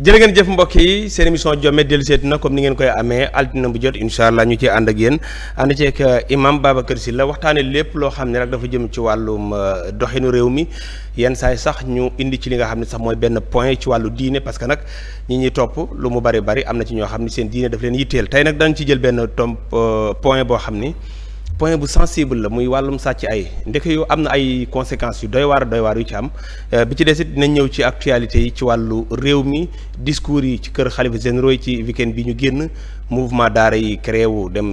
jërë ngeen jëf mbokk yi seen émission Jome dellu seet na comme ni ngeen koy amee altine bu jot incha allah ñu ci ànd ak yéen ànd ceeg euh, imam Babacar Sylla waxtaane lépp loo xam ne rek dafa jëm ci wàllum euh, doxinu réew mi yenn saay sax ñu indi ci li nga xam ne sax mooy benn point ci wàllu diine parce que nag ñi ñuy topp lu mu bari bari am na ci ñoo xam ne seen diine daf leen yitteel tey nag dañ ci jël benn tom euh, point boo xam ni point bu sensible la muy wàllum sàcc ay ndeke yu am na ay conséquences yu doy waar doy waar yu ci am euh, bi ci des it dinañ ñëw ci actualité yi ci wàllu réew mi discours yi ci kër xalifa généraux yi ci weekend bi ñu génn mouvement daara yi créé wu dem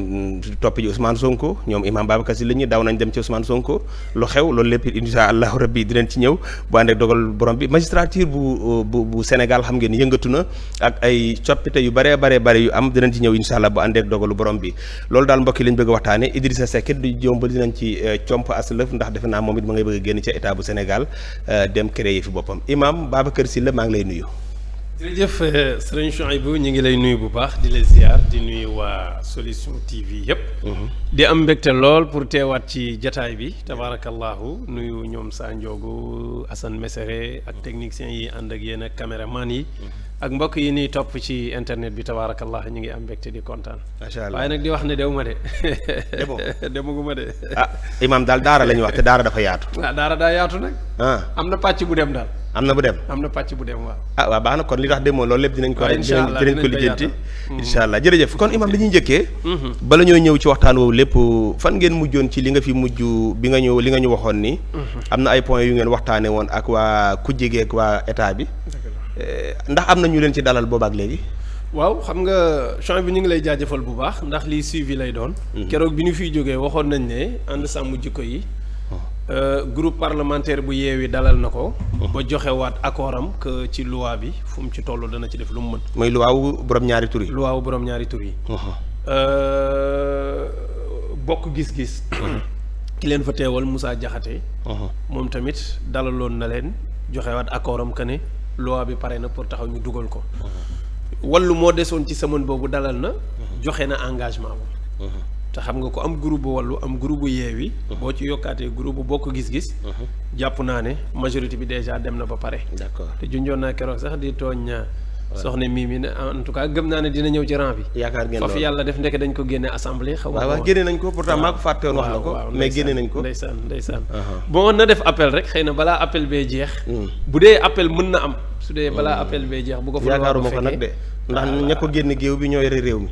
toppi ji Ousmane Sonko ñoom imam Babacar Sy la ñu daw nañ dem ci Ousmane Sonko lu xew loolu lépp insha allahu rabbi dinañ ci ñëw bu dogal borom bi magistrature bu bu bu Sénégal xam ngeen yëngatu na ak ay coppite yu baree baree bare yu am dinañ ci ñëw insha allah bu ànd ak dogalu borom bi loolu daal mbokk yi lañ bëgg a waxtaane Idrissa Seck du jómbal dinañ ci euh, comp aslëf ndax defe naa moom it ma ngay bëgg a génn ca état bu senegal euh, dem créé yi fi boppam imam Babacar Sy la maa ngi lay nuyu jërëjëf euh, sëriñ Chouaïbou ñu ngi lay nuyu bu baax di la ziar di nuyu waa solution TV yëpp. Mhm. di am mbégte lool pour teewaat ci jataay bi tabaarakallahu nuyu ñoom saa Ndiogou assan Mesere ak techniciens yi ànd ak yenn ak caméraman yi. Mhm. ak mbokk yi nii topp ci internet bi tabaarakallah ñu ngi am mbégte di kontaan. macha allah waaye nag di wax ne dew ma de. demaguma de. ah imaam daal daara la wax te daara dafa yaatu. waaw ah, daara daa yaatu nag. ah am na pàcc bu dem daal. am na bu dem am na pàcc bu dem waaw. ah waaw baax na kon li tax demoo loolu lépp dinañ ko. Ah, incha allah ko lijjanti. Hmm. incha allah jërëjëf kon imaam dañuy njëkkee. Hmm. bala ñoo ñëw ci waxtaan woowu lépp fan ngeen mujjoon ci li nga fi mujj bi nga ñëw li nga ñu waxoon ni. Hmm. am na ay points yu ngeen waxtaanee woon ak waa kujje gi ak bi Eh, ndax am na ñu leen ci dalal boobaak léegi. waaw xam nga champ bi ñu ngi lay jaajëfal bu baax ndax lii suivi lay doon. Mhm. keroog bi ñu fiy jógee waxoon nañ ne ànd sàmm jikko yi. Oh. Eh, groupe parlementaire bu yeewi dalal na ko. Oh. ba joxe waat accord ci luwaa bi fu ci toll dana ci def lu mu mën. mooy loi wu borom ñaari tur yi. borom ñaari tur yi. Oh, eh, bokk gis-gis. ki leen fa teewal Moussa Diakhaté. moom tamit dalaloon na leen joxewaat waat accord ne. loi bi pare na pour taxaw ñu dugal ko. wallu moo desoon ci semaine boobu dalal na. joxe na engagement boobu. te xam nga ko am groupe bu wallu am groupe bu yeewi. boo ci yokkaatee groupe bu bokk gis-gis. jàpp naa ne majorité bi déjà dem na ba pare. d'accord te junjoon naa keroog sax di tooñ. soxna mii mi ne en tout cas gëm naa ne dina ñëw ci rang bi yaakaar ngeen foofu yàlla def ndeke dañ ko génne assemblée xaw ma waaw génne nañ ko pourtant maa ko fàtte woon wax na ko mais génne nañ ko ndeysaan ndeysaan uh-huh. bon na def appel rek xëy na balaa appel bee jeex hmm. bu dee appel mën na am su dee balaa hmm. appel bee jeex bu ko fa yaakaaruma ko nag de ah, ndax ña ko ah. génne géew bi ñoo yore réew mi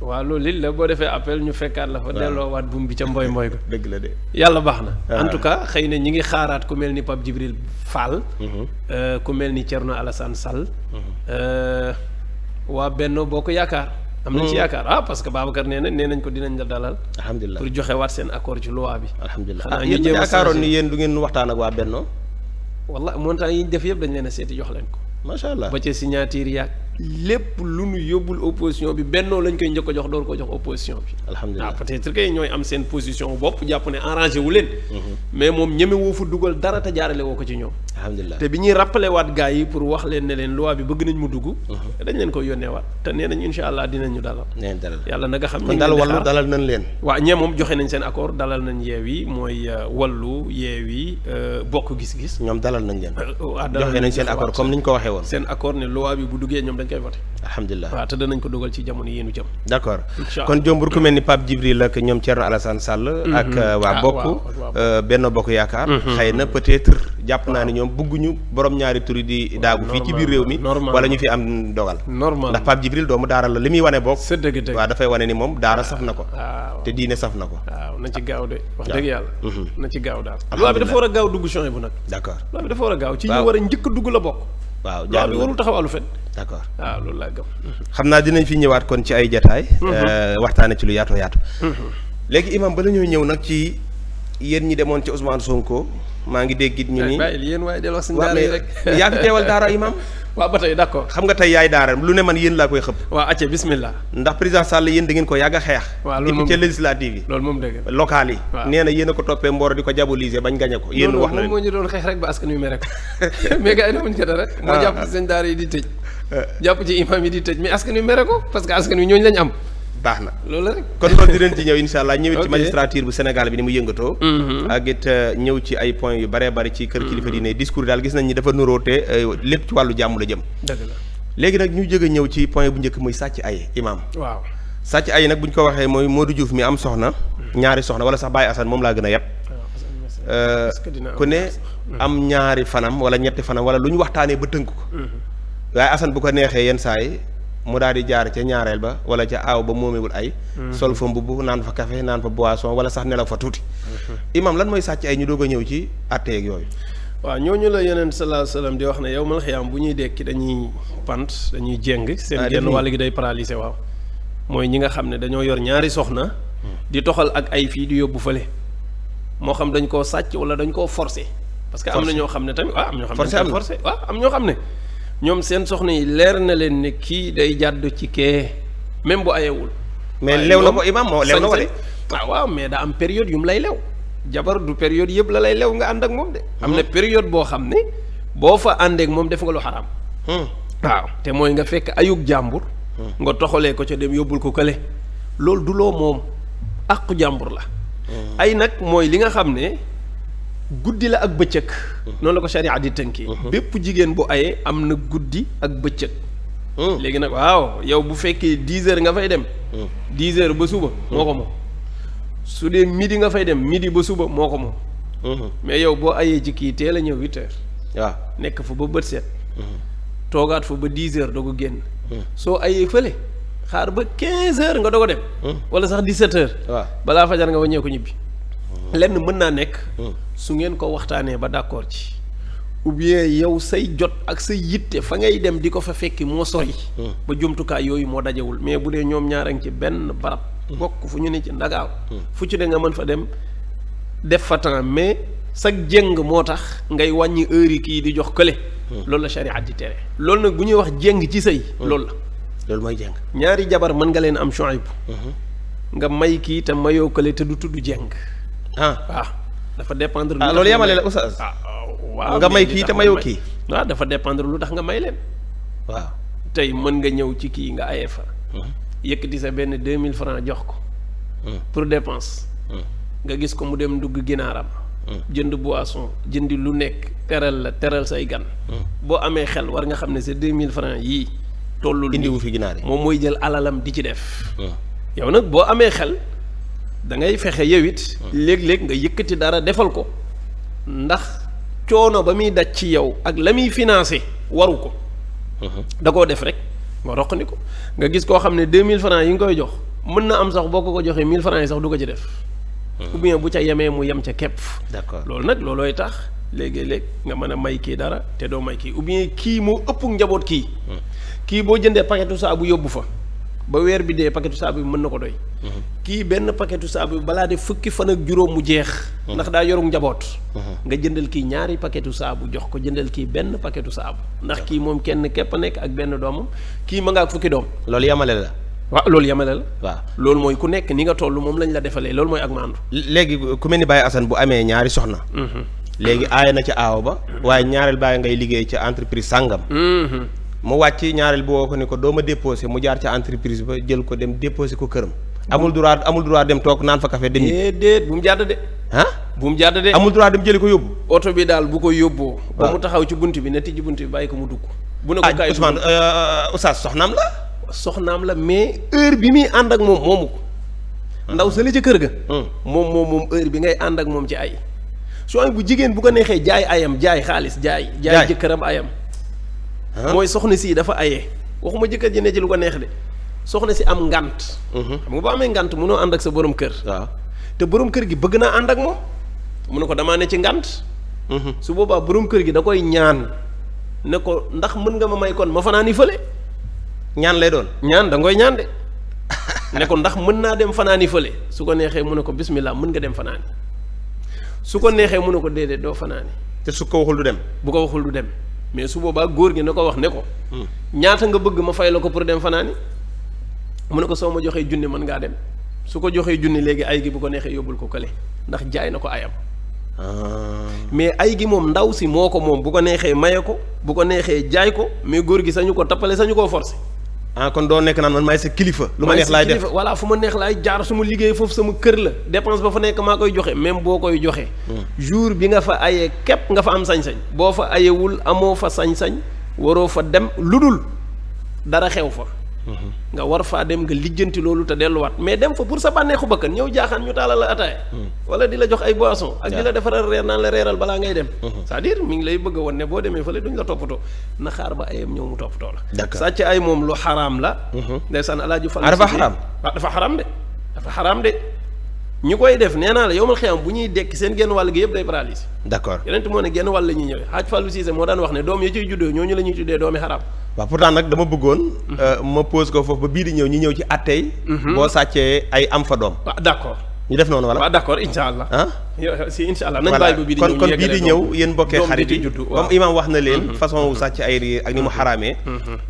waaw loolu it la boo defee appel ñu fekkaat la fa waat buum bi ca mboy mboy ko dëgg la de yàlla baax na ah. en tout cas xëy na ñi ngi xaaraat ku mel ni Pape Djibril Fall mm-hmm. euh, ku mel ni na Alassane Sall mm-hmm. euh, waa Benno Bokk Yaakaar am nañ ci mm-hmm. yaakaar ah parce que Babacar nee na nee nañ ko dinañ la dalal alhamdulilah pour joxe waat seen accord ci loi bi alhamdulilah ah, yéen yaakaaroon ni yéen du ngeen waxtaan ak waa Benno wala montant yi ñu def yëpp dañ leen a seeti jox leen ko macha allah ba ca signature yaag lépp lu nu yóbbul opposition bi bennoo lañ koy njëkk a jox door ko jox opposition bi. alhamdulilah ah, peut-être que ñooy am seen position bopp jàpp ne arrangé wu leen. Mhm. mais moom ñeme woo dugal dara te jaarale woo ko ci ñoom. alhamdulilah te bi ñuy rappelé waat gars yi pour wax leen ne leen loi bi bëgg nañ mu dugg. Mhm. dañ leen koy yónnee waat te nee nañ incha allah dinañu dalal. nee dalal yàlla na nga xam. kon daal wallu dalal nañ leen. waaw ñee joxe nañ dañ koy voté alhamdulilah waaw ko d' accord kon jombur ku mel ni Pape Djibril ak ñoom Thierno Alassane Sall mhm. ak euh, waa ah, bokk euh, benn bokk yaakaar mhm. xëy na peut être jàpp naa ne ñoom bugguñu borom ñaari turi di daagu fii ci biir réew mi wala ñu fi am dogal normal ndax Pape Djibril doomu daara la li muy wane bokk c'est dëgg dëgg waaw dafay wane ni moom daara ah, saf na ko te diine saf na ko waaw na ci gaaw de wax dëgg yàlla mhm. na ci gaaw bi dafa war a gaaw dugg changé bu nag d' accord loi bi dafa war a gaaw ci ñu war dugg la bokk waaw jaar bi warul taxaw alu fen d' accord waaw ah, loolu laa gëm. Mhm. xam naa dinañ fi ñëwaat kon ci ay jataay mhm. euh, waxtaane ci lu yaatoo yaatu mhm. léegi imam ba lañoo ñëw nag ci yéen ñi demoon ci Ousmane Sonko maa ngi dégg it ñu ni eh, yéen waaye delloo si daara yi rek yaa fi teewal daara imaam waaw ba tey d'accord xam nga tey yaay daara lu ne man yéen laa koy xëpp waaw acce bismillah ndax président Sall yéen da ngeen ko yàgg xeex émi yi loolu moom ko toppee mboor di ko jaboliser bañ gañe ko yéen wax na moo ñu doon xeex rek ba askan wi mere ko mais gars yi defuñ ko dara moo ah. jàpp ci seen daara yi di tëj eh. jàpp ci imaam yi que askan wi am baax na loolu rek kon loolu di leen ci ñëw incha allah ñëwit ci bu Sénégal bi ni mu yëngatoo mhm. ak it euh, ñëw ci ay point yu baree bari ci kër mhm. kilifa diine discours daal gis nañ ni dafa nuróote euh, lépp ci wàllu jàmm la jëm dëgg léegi nag ñu jóge ñëw ci point bu njëkk muy sàcc ay imaam waaw sàcc ay nag bu ñu ko waxee mooy moo du Diouf mi am soxna mhm. ñaari soxna wala sax Baye Assane moom laa gën a yab ah, euh, ku ne am ñaari fanam wala ñetti fanam wala lu ñu waxtaanee ba tënk ko waaye Assane bu ko neexee yenn saa yi mu daal di jaar ca ñaareel ba wala ca aaw ba moomewul ay mhm. sol fa mbubb naan fa kafe naan fa boisson wala sax nelaw fa tuuti mhm. imam lan mooy sàcc ay ñu doog a ñëw ci atteeg yooyu waaw ñooñu la yeneen sallallahu alayhi wasallam di wax ne yow mal xiyaam bu ñuy dekki dañuy pant dañuy jéng seen genn waa gi day paralysé waaw mooy ñi nga xam ne dañoo yor ñaari soxna mm. di toxal ak ay fii di yóbbu fale moo xam dañ koo sàcc wala dañ koo forcé parce que am na ñoo xam ne tamit waaw am ñoo xam ne forcé waaw am ñoo xam ne ñoom seen soxna yi leer na leen ne kii day jàdd ci kee même bu ayewul. mais lew na ko imam moo lew na ko de. ah waaw mais daa am période yu mu lay lew. jabar du période yëpp la lay lew nga ànd ak moom de. am na hmm. période boo xam ne boo fa àndeek moom def nga lu xaraam. Hmm. waaw te mooy nga fekk ayug jàmbur. Hmm. nga toxalee ko ca dem yóbbul ko kële. loolu du loo moom àqu jàmbur la. ay nag mooy li nga xam ne. guddi la ak bëccëg. Mhm. noonu la ko sharia di tënkee. Mhm. bépp jigéen bu ayee am na guddi ak bëccëg. Mhm. léegi nag waaw yow bu fekkee dix heures nga fay dem. dix heures ba suba moo ko moom. su dee midi nga fay dem midi ba suba moo ko moom. mais yow boo ayee ci kii teel a ñëw huit heures. nekk fa ba bët set. toogaat fa ba dix heures doog a génn. soo ayee fële xaar ba quinze heures nga doog a dem. wala sax dix sept heures. balaa fajar nga wàññeeku ñibbi. lenn mën naa nekk. Hmm. su ngeen ko waxtaanee ba d'accord ci. ou bien yow say jot ak say yitte fa ngay dem di ko fa fekki moo sori. Hmm. ba jumtukaay yooyu moo dajewul mais bu dee ñoom ñaar a benn barab. Hmm. bokk fu ñu ne ci fu ci ne mën fa dem def fa mais sa jëng moo tax ngay wàññi kii di jox kële. loolu la shariat di loolu nag bu ñuy wax jëng ci sëy loolu loolu mooy jëng ñaari jabar mën nga leen am Shuayb. nga may kii te mayoo kële te du tudd jëng. ah waaw ah, dafa dépendre. ah loolu yemale la oustaz ah waaw nga may kii te mayoo kii. waaw dafa dépendre lu tax nga may leen. waaw tey mën nga ñëw ci kii nga aye fa. Hmm. yëkkati sa benn deux mille francs jox ko. Hmm. pour dépense. Hmm. nga gis ko mu dem dugg ginaaram. jënd boisson jëndi lu nekk teral la teral say gan. boo amee xel war nga xam ne sa deux mille francs yii. tollu lu wu fi ginaar yi moom mooy jël alalam di ci def. yow nag boo amee xel. da ngay fexe yow it. léeg-léeg nga yëkkati dara defal ko ndax coono ba muy daj ci yow ak la muy financé waru ko. Uh-huh. da koo def rek nga roq ni ko nga gis koo xam ne deux mille francs yi nga koy jox mën na am sax boo ko ko joxee 1000 francs yi sax du ko ci def. Uh-huh. ou bien bu ca yemee mu yem ca kepp d'accord loolu nag loolooy tax léegi-léeg nga mën a may kii dara te doo may kii ou kii moo ëpp njaboot kii. Uh-huh. kii boo jëndee paquetu saabu yóbbu fa. ba weer bi dee paquetu saabu bi mën na ko doy. kii benn paquetu saabu bi balaa de fukki fan ak juróom mu jeex. ndax daa yorum njaboot. nga jëndal kii ñaari paquetu saabu jox ko jëndal kii benn paquetu saabu. ndax kii moom kenn képp a nekk ak benn doomam kii ma ngaa fukki doom. loolu yamale la. waa loolu yamale la. waaw loolu mooy ku nekk ni nga toll moom lañ la defalee loolu mooy ak maandu. léegi ku mel ni Baye Assane bu amee ñaari soxna. Mm-hmm. léegi aaya na ca aaw ba. waaye ñaareel baa ngay liggéey ca entreprise sàngam. Mm-hmm. mu wàcc ñaareel bi woo ko ni ko doo ma déposé mu jaar ci entreprise ba jël ko dem déposé ko këram. amul duraat amul droit dem toog naan fa kafe dem yi. déet bu mu jàdd de. ah bu mu jàdd de. amul droit dem jëli ko yóbbu. oto bi daal bu ko yóbboo. ba mu taxaw ci bunt bi ne tijji bunt bi bàyyi ko mu dugg. bu ne ko ah, kaay Ousmane euh, Oustaz soxnaam la. soxnaam la mais heure bi muy ànd ak moom ko. ndaw sa li ca kër ga. Hmm. moom moom moom heure bi ngay ànd ak moom ci ay. soo bu jigéen bu ko neexee jaay ayam jaay xaalis jaay. jaay jëkkëram ayam. mooy soxna si dafa aye waxuma jëkkër ji ne ci lu ko neex de soxna si am ngant mhm. xam nga boo amee ngant munoo ànd ak sa borom kër te borom kër gi bëgg naa ànd ak moom mu ne ko damaa ne ci ngant mhm. su boobaa borom kër gi da koy ñaan ne ko ndax mën nga ma may kon ma fanaani fële ñaan lay doon ñaan da ngoy ñaan de ne ko ndax mën naa dem fanaani fële su ko neexee mu ne ko bismillah mën nga dem fanaani su ko neexee mun ne ko déedéet doo fanaani te su ko waxul du dem bu ko waxul du dem mais su boobaa góor gi na ko wax ne ko. Hmm. ñaata nga bëgg ma fay la ko pour dem fanaani mu ne ko soo ma joxee junni mën ngaa dem su ko joxee junni léegi ay gi bu ko neexee yóbbul ko kële ndax jaay na ko ayam. Ah. mais ay gi moom ndaw si moo ko moom bu ko neexee maye ko bu ko neexee jaay ko mais góor gi sañu ko tappale sañu ko forcer. ah kon doo nekk naan man maay sa kilifa. lu ma neex laay def voilà fu ma neex laay jaar suma liggéey foofu sama kër la dépense ba fa nekk maa koy joxe même boo koy joxe. Hmm. jour bi nga fa ayee képp nga fa am sañ-sañ. boo fa ayewul amoo fa sañ-sañ waroo fa dem lu dul dara xew fa. nga war faa dem nga lijjanti loolu te delluwaat mais dem fa pour sa bànneexu bakkan ñëw jaaxaan ñu taalal la ataaya hmm. wala di la jox ay boisson ak di la defaral reer naan la reeral balaa ngay dem hmm. c'est-à-dire ngi lay bëgg a woon ne boo demee fële duñ la toppatoo na xaar ba ayam ñëw mu toppatoo la sàcc ay moom lu xaraam la hmm. ndeysaan alaaju fal ah, dafa xaraam ah dafa xaraam de dafa xaraam de ñu koy def nee naa la yowmal xiyam bu ñuy dekk la ñuy ñëwee siise moo daan wax ne doom ya ciy juddoo ñooñu la ñuy doomi xaraam waaw pourtant nag dama bëggoon. Mhm. Euh, ma pose ko foofu ba bii di ñëw ñi ñëw ci attey mhm. boo sàccee ay am fa doom. d' accord. ñu def noonu wala waaw d' accord incha allah. ah si incha allah nañ bàyyi di ñëw kon kon bii di ñëw yéen bokkee xarit yi comme imaam wax na leen. Mhm. façon wu sàcc ay ri ak ni mu xaraamee.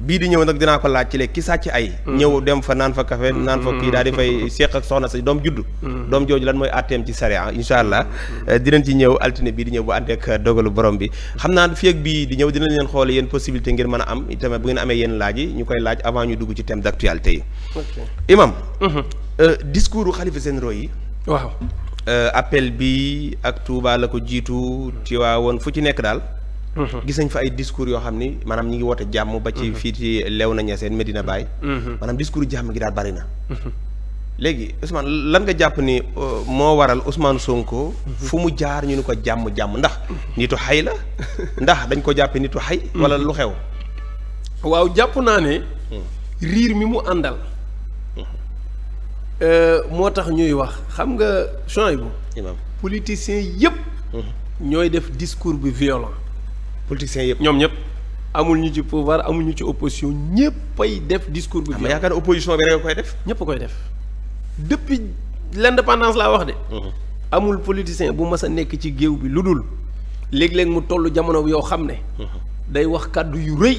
bii di ñëw nag dinaa ko laaj ci léegi ki sàcc ay. ñëw dem fa naan fa kafe naan fa kii daal di fay seq ak soxna sa doom juddu. doom jooju lan mooy àtteem ci sariya incha allah euh, dinañ ci ñëw altine bii di ñëw bu ànd euh, dogalu borom bi xam naa fi ak bii di ñëw dinañ leen xoole yéen possibilité ngeen mën a am itamit bu ngeen amee yéen laaj laaj avant ñu dugg ci thème d'actualité yi imam mhm. euh, discours u xalifa yi waaw appel bi ak Touba la ko jiitu ci waa woon fu ci nekk daal mhm. gis nañ fa ay discours yoo xam ni maanaam ñu ngi woote jàmm ba ci mhm. fii ci lew na ña seen Medina Baye maanaam discours jàmm gi daal bari na léegi Ousmane lan nga jàpp ni euh, moo waral Ousmane Sonko. fu mu jaar ñu ni ko jàmm jàmm ndax. nitu xay la ndax dañ ko jàppee nitu xay. wala lu xew. waaw jàpp naa ne. riir mi mu àndal. Euh, moo tax ñuy wax xam nga change bu. politiciens yëpp. ñooy def discours bi violent. politiciens yëpp ñoom ñëpp. amul ñu ci pouvoir amul ñu ci opposition ñëpp ay def discours bi. violent yaakaar opposition bi rek koy def. ñëpp koy def. depuis l' indépendance laa wax de. Mhm. amul politicien bu mas a nekk ci géew bi lu dul léeg-léeg mu toll jamono yoo xam ne. Mhm. day wax kàddu yu rëy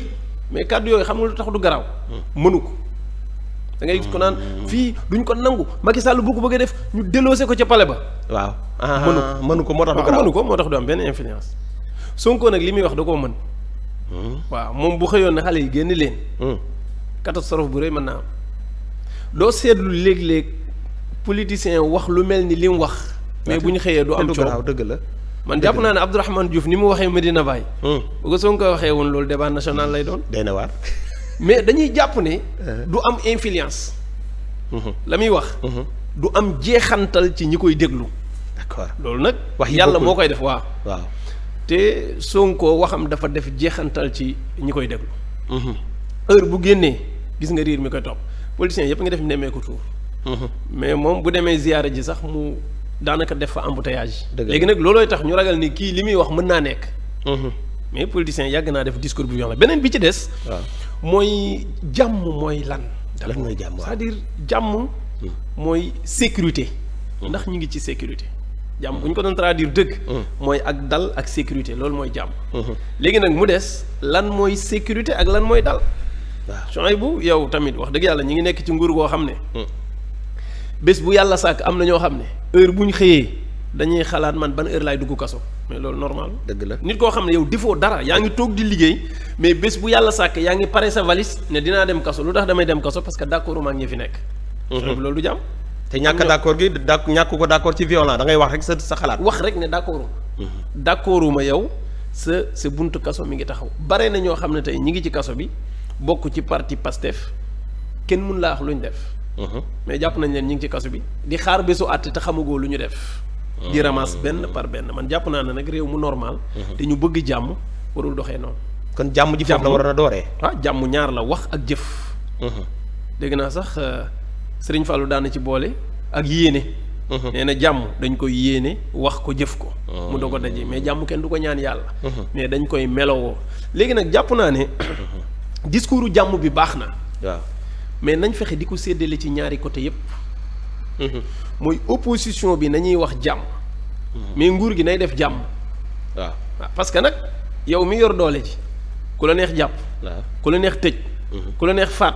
mais kàddu yooyu xamul nga lu tax du garaaw. Mhm. mënu ko. dangay ngay gis ko naan fii duñ ko nangu Macky Sall bu ko a def ñu delloose ko ca pale ba. waaw mënu ko mënu ko moo tax du ko moo tax du am benn influence. Sonko nag li muy wax da koo mën. waaw moom bu xëyoon na xale yi génn leen. catastrophe bu rëy mën naa am. doo seetlu léeg-léeg. politicien wax lu mel ni li mu wax. mais bu ñu xëyee du am coow dëgg la. man jàpp naa ne Abdourahmane Diouf ni mu waxee Medina Baye. Hmm. bu ko Sonko waxee woon loolu débat national lay doon. day na mais dañuy jàpp ne. Euh. du am influence. Hmm. la muy wax. Hmm. du am jeexantal ci ñi koy déglu. d'accord loolu nag. wax yàlla moo koy def waaw. waaw te ko waxam dafa def jeexantal ci ñi koy déglu. heure bu génnee gis nga riir mi koy topp politiciens yëpp nga def nemmeeku tuur. Mhm. mais moom bu demee ziyaara ji sax mu daanaka def fa embouteillage. léegi nag loolooy tax ñu ragal ni kii li muy wax mën naa nekk. Mhm. mais politiciens yàgg naa def discours bu ñu la beneen bi ci des. mooy jàmm mooy lan. lan mooy jàmm cest mhm. mooy sécurité. ndax ñu ngi ci sécurité. jàmm bu ñu ko doon traduire dëgg. mooy ak dal ak sécurité loolu mooy jàmm. léegi nag mu des lan mooy sécurité ak lan mooy dal. waaw bu yow tamit wax dëgg yàlla ñu ngi nekk ci nguur goo xam ne. bés bu yàlla sàkk am na ñoo xam ne heure bu ñu xëyee dañuy xalaat man ban heure lay dugg kaso mais loolu normal. dëgg la nit koo xam ne yow defoo dara yaa ngi toog di liggéey mais bés bu yàlla sàkk yaa ngi pare sa valise ne dinaa dem kaso lu tax damay dem kaso parce que d'accord ma ak fi nekk. Mhm. loolu du jàmm. te ñàkk d'accord gi da ñàkk ko d'accord ci violent da ngay wax rek sa sa xalaat. wax rek ne d'accord mhm. d'accord ma yow sa sa buntu kaso mi ngi taxaw bare na ñoo xam ne tey ñi ngi ci kaso bi bokk ci parti Pastef kenn mun laa wax ñu def. Mhm. mais jàpp nañ leen ñu ngi ci kasu bi di xaar bésu àtte te xamagoo lu ñu def ah. di ramasse benn par benn man jàpp naa ne nag réew mu normal mhm. te ñu bëgg jàmm warul doxee noonu kon jàmm ji foofu la war a dooree ah jàmm ñaar la wax ak jëf mhm. dégg naa sax euh, sëriñ Fallou daana ci boole ak yéene nee na jàmm dañ koy yéene wax ko jëf ko ah. mu doog a daje mais jàmm kenn du ko ñaan yàlla mais dañ koy melowoo léegi nag jàpp naa ne discours jàmm bi baax na waaw mais nañ fexe di ko séddale ci ñaari côté yépp mm-hmm. mooy opposition bi nañuy wax jàmm mm-hmm. mais nguur gi nay def jàmm waaw ah. ah, parce que nag yow mi yor doole ji ku la neex jàpp ah. ku la neex tëj mm-hmm. ku la neex faat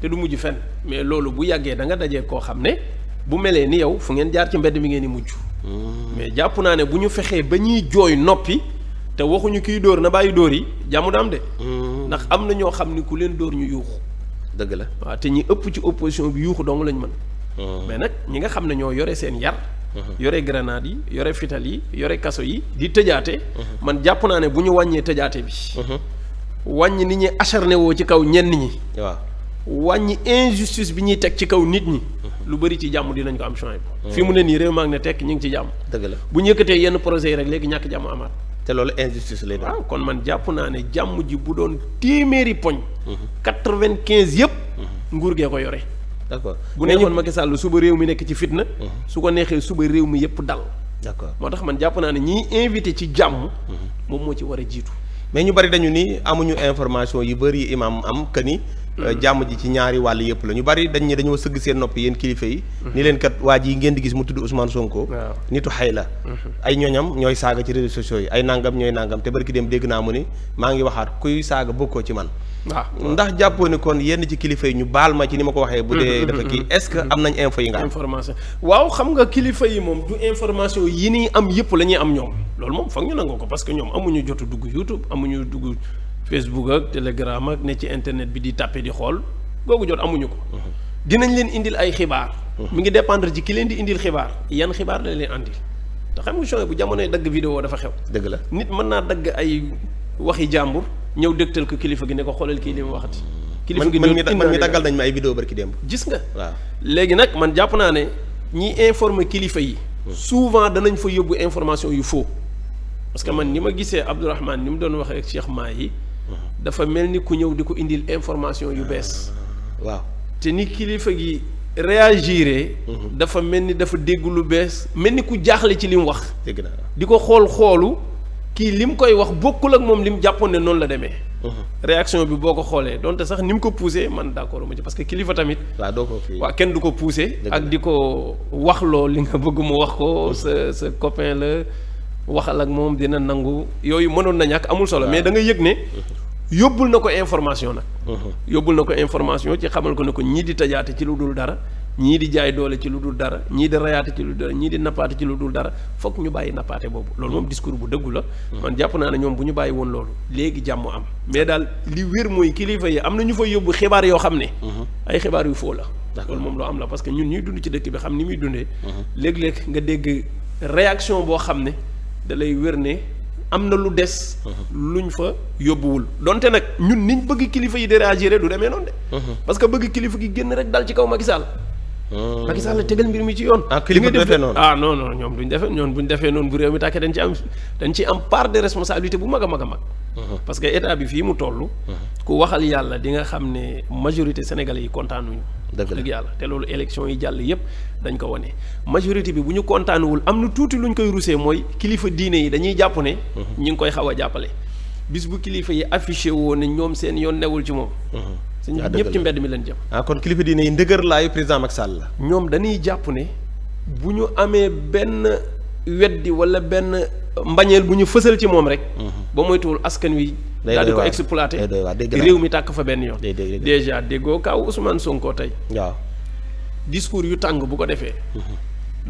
te du mujj fen mais loolu bu yàggee da nga dajee koo xam ne bu melee ni yow fu ngeen jaar ci mbedd mi ngeen di mujj mais jàpp naa ne bu ñu fexee ba ñuy jooy noppi te waxuñu kiy dóor na bàyyi dóor yi jàmm daam de ndax am na ñoo xam ni ku leen dóor ñu yuuxu dëgg la waaw te ñi ëpp ci opposition bi yuuxu dong lañ man ah. mais nag ñi nga xam ne ñoo yore seen yar. Ah. yore grenade yi yore fital yi yore kaso yi di tëjaate. Ah. man jàpp naa ne bu ñu wàññee tëjaate bi. wàññi ni ñuy acharné woo ci kaw ñenn ñi. waaw wàññi injustice bi ñuy teg ci kaw nit ñi. lu bëri ci jàmm dinañ ko am changement. fi mu ne nii réew maa ngi tekk ñu ngi ci jàmm. dëgg la bu ñu yëkkatee yenn projet yi rek léegi ñàkk jàmm amaat. te loolu injustice lay doon. waaw kon man jàpp naa ne jàmm ji bu doon téeméeri poñ. quatre vingt quinze yëpp. nguur gee ko yore. d'accord bu nekkoon Macky Sall suba réew mi nekk ci fitna. Mhm. su ko neexee suba réew mi yëpp dal. d'accord moo tax man jàpp naa ne ñiy invité ci jàmm. Mhm. moom moo ci war a jiitu. mais ñu bari dañu ni amuñu information yu bari imam am que ni. Euh, jàmm ji ci ñaari wàll yëpp la ñu bari dañ ne dañoo sëgg seen nopp yéen kilifa yi mhm. ni leen kat waa ji ngeen di gis mu tudd Ousmane Sonko nitu xay la mhm. ay ñoñam ñooy saaga ci réseaux sociaux yi ay nangam ñooy nangam te barki dem dégg naa mu ni maa ngi waxaat kuy saaga bokkoo ci man ah, waaw ndax jàppoo ni kon yenn ci kilifa yi ñu baal ma ci ni ma ko waxee bu dee mhm. dafa kii est que am nañ info yi nga information waaw xam nga kilifa yi moom du information yi ni am yëpp la ñuy am ñoo loolu moom foog ñu nangoo ko parce que ñoom amuñu jotu dugg YouTube amuñu dugg Facebook ak Telegram ak ne ci internet bi di tàppee di xool googu jot amuñu ko. dinañ leen indil ay xibaar. mu ngi dépendre ci ki leen di indil xibaar yan xibaar lañ leen andil te xam nga changé bu jamonoy dagg vidéo dafa xew. dëgg la nit mën naa dagg ay waxi jàmbur ñëw dëgtal ko kilifa gi ne ko xoolal kii li mu waxati. kilifa gi ñëw man mi daggal nañ ma ay vidéo ki dem gis nga waaw léegi nag man jàpp naa ne ñi informer kilifa yi. Hmm. souvent danañ fa yóbbu information yu faux. parce que hmm. man ni ma gisee Abdourahmane ni mu doon waxee ak yi. dafa mel ni ku ñëw di ko indil information yu bees. waaw te ni kilifa gi réagiré. Mhm. dafa mel ni dafa dégg lu bees mel ni ku jaaxle ci li mu wax. dégg naa di ko xool xoolu kii li mu koy wax bokkul ak moom li mu jàppoon ne noonu la demee. Mhm. réaction bi boo ko xoolee donte sax ni mu ko poussé man d'accord ma ci parce que kilifa tamit. waaw fii waaw kenn du ko poussé. ak di ko waxloo li nga bëgg mu wax ko mhm. sa sa copain la waxal ak moom dina nangu yooyu mënoon na ñàkk amul solo mais da nga yëg ne. yóbbul na ko information nag. Mhm. yóbbul na ko information ci xamal ko ne ko ñii di tajaate ci lu dul dara ñii di jaay doole ci lu dul dara ñii di rayaate ci lu dara ñii di nappaate ci lu dul dara foog ñu bàyyi nappaate boobu. loolu moom discours bu dëggu la. Mhm. man jàpp naa ne ñoom bu ñu bàyyi woon loolu léegi jàmm am. mais daal li wér mooy kilifa yi am na ñu fa yóbbu xibaar yoo xam ne. Mhm. ay xibaar yu foo la. loolu moom loo am la parce que ñun ñuy dund ci dëkk bi xam ni muy léeg-léeg nga dégg réaction boo xam ne da lay wér ne am na lu des. lu luñ fa yóbbuwul donte nag ñun niñ bëgg kilifa yi di réagir du demee noon de. Uh-huh. parce que bëgg kilifa gi génn rek dal ci kaw Macky Sall. Uh-huh. Macky Sall la tegal mbir mi ci yoon. ah kilifa du defee noonu ah non non ñoom duñ defee ñoom buñ noonu bu réew mi takkee dañ ci am dañ ci am part de responsabilité bu mag a mag a mag. Uh-huh. parce que bi fii mu toll. ku waxal yàlla di nga xam ne majorité sénégalais yi kontaan nañu. dëgg yàlla te loolu élection yi jàll yépp dañ ko wane majorité bi bu ñu kontaanewul am na tuuti lu ñu koy rusee mooy kilifa diine yi dañuy jàpp ne mhm. ñu ngi koy xaw a jàppale bis bu kilifa yi affiché woo ne ñoom seen yoon newul ci moom mhm. suñu ah, ñëpp ci mbedd mi leen jëm ah, kon kilifa diine yi ndëgër laayu président Macky Sall la ñoom dañuy jàpp ne bu ñu amee benn weddi wala benn mbañeel bu ñu fësal ci moom rek mhm. ba moytuwul askan wi daal di ko exploité réew mi tàkk fa benn yoon déjà déggoo kaw Ousmane Sonko tey waaw discours yu tàng bu ko defee mm-hmm.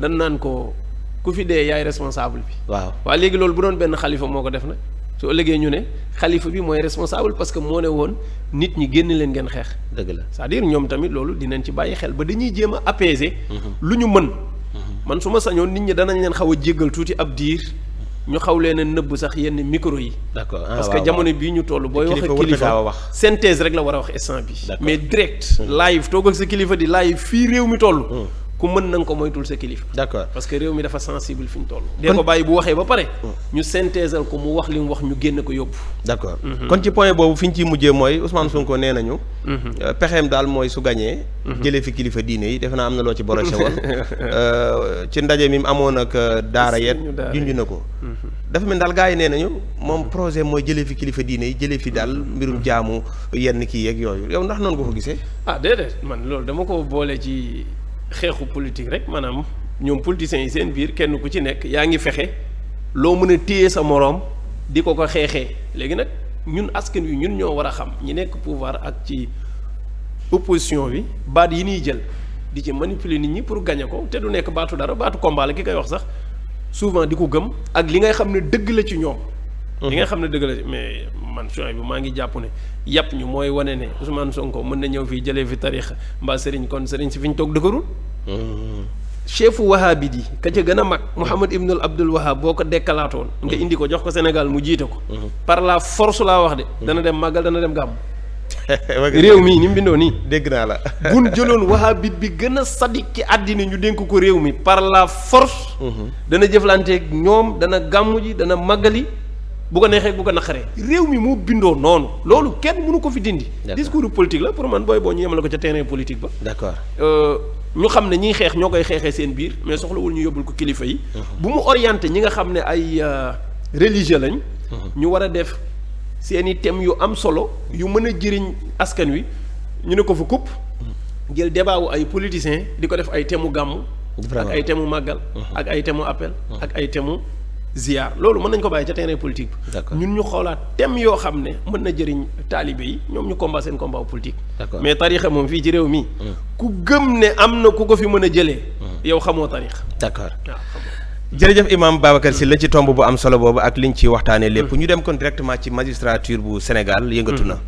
dan naan ko ku fi dee yaay responsable bi waaw waaw léegi loolu bu doon benn xalifa moo ko def nag su ëllëgee ñu ne xalifa bi mooy responsable parce que moo ne woon nit ñi génn leen ngeen xeex dëgg la cest diir ñoom tamit loolu dinañ ci bàyyi xel ba dañuy jéem a apaiser mm-hmm. lu ñu mën mm-hmm. man su ma sañoon nit ñi danañ leen xaw a jéggal tuuti ab diir ñu xaw leen a nëbb sax yenn micro yi. d'accord ah, parce que jamono bii ñu toll. booy wax ak kilifa synthèse rek la war a wax instant bi mais direct live toog ak sa kilifa di live fii réew mi toll. Hmm. ku mën nañ nga ko moytul sa kilifa. d'accord parce que réew mi dafa sensible fi ñu toll. dee ko bàyyi bu waxee ba pare. Hmm. ñu synthèsal ko mu wax li mu wax ñu génn ko yóbbu. d'accord mhm. kon ci point boobu fi ñu ciy mujjee mooy Ousmane mhm. Sonko nee nañu. Mhm. Euh, pexeem daal mooy su gañee jëlee fi kilifa diine yi defe naa am na loo ci borosé woon. Euh, ci ndaje mi mu amoon ak euh, daara yet junj na ko. dafa mel daal gars yi nee nañu moom projet mooy jëlee fi kilifa diine yi jëlee fi daal mbirum jaamu yenn kii yeeg yooyu yow ndax noonu nga ko gisee. ah man loolu dama ko boole ci. xeexu politique rek maanaam ñoom politiciens yi seen biir kenn ku ci nekk yaa ngi fexe loo mën a téye sa moroom di ko ko xeexee léegi nag ñun askan wi ñun ñoo war a xam ñi nekk pouvoir ak ci opposition bi baat yi nuy jël di ci manipule nit ñi pour gagner ko te du nekk baatu dara baatu combat la ki koy wax sax souvent di ko gëm ak li ngay xam ne dëgg la ci ñoom li nga xam ne dëgg la mais man sooy bu maa ngi jàpp ne yàpp ñu mooy wane ne Ousmane Sonko mën na ñëw fii jëlee fi tarixa mbaa sëriñ kon sëriñ si fi ñu toog dëkkarul chefu wahabit yi ka ca gën a mag Mouhamad Ibnul Abdul Wahab boo ko dekkalaatoon nga indi ko jox ko Sénégal mu jiite ko par la force laa wax de dana dem màggal dana dem gàmm réew mii ni mu bindoo nii dégg naa la buñ jëloon wahabit bi gën a sadik ci àddina ñu dénk ko réew mi par la force mhm. dana jëflanteeg ñoom dana gàmmu ji dana màggali bu ko neexee bu ko naqaree réew mi moo bindoo noonu loolu kenn mënu ko fi dindi. discours politique la pour man booy boo ñu yemale ko ca terrain politique ba. d'accord euh, ñu xam ne ñiy xeex ñoo koy xeexee seen biir mais soxlawul ñu yóbbul ko kilifa yi. Mhm. bu mu orienté ñi nga xam ne ay euh, religieux lañ. Mhm. ñu war a def seen i thèmes yu am solo. yu mën a jëriñ askan wi ñu ne ko fa kupp. Mhm. jël débat wu ay politiciens di ko def ay thèmes gàmm. ak ay thèmes mu màggal. ak ay thèmes mu appel. ak ay thèmes ziar loolu mën nañ ko bàyyi ca terrain politique bi ñun ñu xoolaat thème yoo xam ne mën na jëriñ taalibe yi ñoom ñu combat seen combat politique mais tarixa moom fii ci réew mi hmm. ku gëm ne am na ku ko fi mën a jëlee hmm. yow xamoo tarix d'accord waaw jërëjëf imam Babacar hmm. Sy la ci tomb bu am solo boobu ak liñ ci waxtaanee lépp ñu dem kon directement ci magistrature bu Sénégal yëngatu na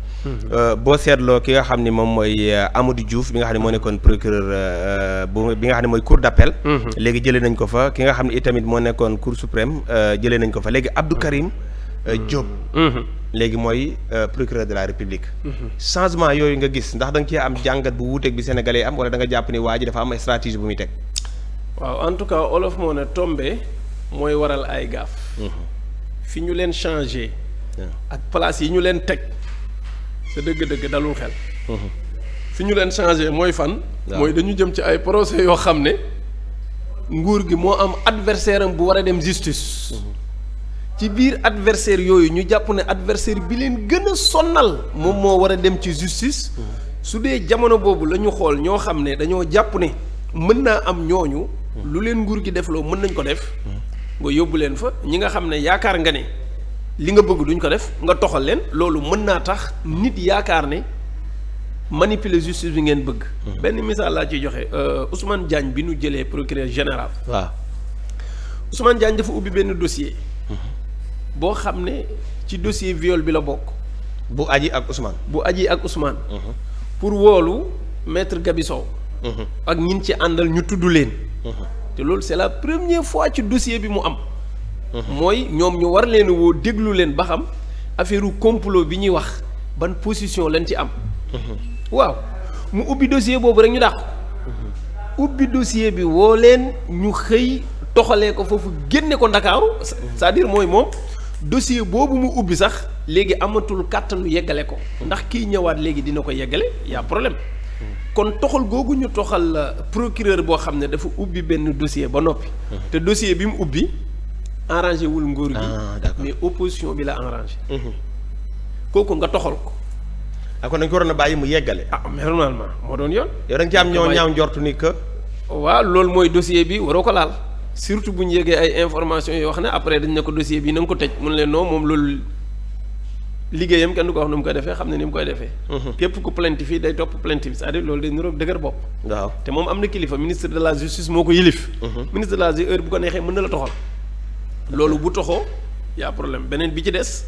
Euh, boo seetloo ki nga xam ne moom mooy euh, Amadou Diouf bi nga xam ne moo nekkoon procureur euh, bu bi nga xam ne mooy cour d' appel. Mhm. léegi jëlee nañ ko fa ki nga xam ne itamit moo nekkoon cour suprême jëlee nañ ko fa léegi Abdou Karim mhm. Diop. Mhm. léegi mooy procureur de la république. changement yooyu nga gis ndax da nga cee am jàngat bu wuuteeg bi sénégalais am wala da nga jàpp ni waa ji dafa am stratégie bu muy teg. waaw en tout cas olof moo ne tombé mooy waral ay gaaf. te dëgg-dëgg dalul xel. Mhm. fi ñu leen changé mooy fan. mooy dañu jëm ci ay procès yoo xam ne nguur gi moo am adversaire am bu war a dem justice. Mhm. ci biir adversaire yooyu ñu jàpp ne adversaire bi leen gën a sonnal moom moo war a dem ci justice. Mhm. su dee jamono boobu la ñu xool ñoo xam ne dañoo jàpp ne mën naa am ñooñu. lu leen nguur gi defloo mën nañ ko def. nga yóbbu leen fa ñi nga xam ne yaakaar nga ne. li nga bëgg duñ ko def nga toxal leen loolu mën naa tax nit yaakaar ne manipule justice bi ngeen bëgg mhm. benn misaal laa ciy joxe euh, Ousmane Diagne bi nu jëlee procureur général waaw Ousmane Diagne dafa ubbi benn dossier mhm. boo xam ne ci dossier viole bi la bokk bu aji ak Ousmane bu aji ak Ousmane mhm. pour woolu maître Gabi ak ñin ci àndal ñu tudd leen te loolu c'est la première fois ci dossier bi mu am mooy ñoom ñu war leen woo déglu leen ba xam affaire u complot bi ñuy wax ban position lañ ci am. waaw mu ubbi dossier boobu rek ñu dàq. ubbi dossier bi woo leen ñu xëy toxalee ko foofu génne ko ndakaaru sa à dire mooy moom dossier boobu mu ubbi sax léegi amatul kàttanu yeggale ko ndax kiy ñëwaat léegi dina ko yeggale y'a problème kon toxal googu ñu toxal euh, procureur boo xam ne dafa ubbi benn dossier ba noppi te dossier bi mu ubbi arrangé wul nguur gi. Ah, mais opposition bi la arrangé. Mhm. kooku nga toxal ko. ah kon ko waroon a bàyyi mu yeggale. ah mais normalement moo doon yoon. yow da nga ci am ñoo ñaaw njortu ni que. waaw loolu mooy dossier bi waroo ko laal. surtout bu ñu yeggee ay information yoo xam ne après dañ ne ko dossier bi na nga ko tëj mun leen non moom loolu liggéeyam kenn du ko wax nu mu koy defee xam ne ni mu koy defee. Mhm. képp ku plainte fii day topp plainte bi cest à loolu day mhm. neexee mën na la toxal. loolu bu toxoo yaa problème beneen bi ci des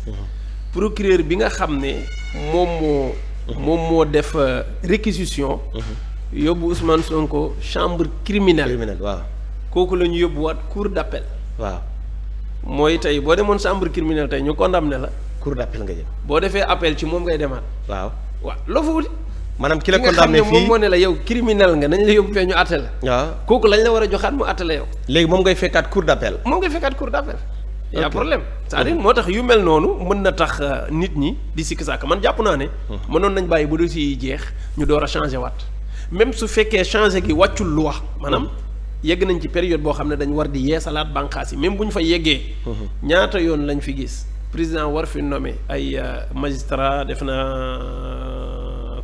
procureur bi nga xam ne moom moo moom moo def euh, réquisition yóbbu Ousmane Sonko chambre criminelle criminelle waaw kooku la ñu waat cour d'appel waaw mooy tey boo demoon chambre criminelle tey ñu condamné la cour d'appel nga jëm boo defee appel ci moom ngay demaan waaw waaw loo fa wuti maanaam ki la condamné fii moom moo ne la yow criminel nga nañ la yóbbu fee ñu àtte la ah. kooku lañ la war a joxaat mu àtte la yow léegi moom ngay fekkaat cour d'appel moom ngay fekkaat cour d'appel y problème cest dire mm-hmm. moo tax yu mel noonu mën na tax euh, nit ñi di sikki sàkk man jàpp naa ne mm-hmm. mënoon nañ bàyyi bu dossier yi jeex ñu door a changé waat même su fekkee changé gi wàccul lu wax maanaam mm-hmm. yegg nañ ci période boo xam ne dañu war di yeesalaat bànqaas yi même bu ñu fa yeggee ñaata yoon lañ fi gis président war fi nommé ay euh, magistrat def na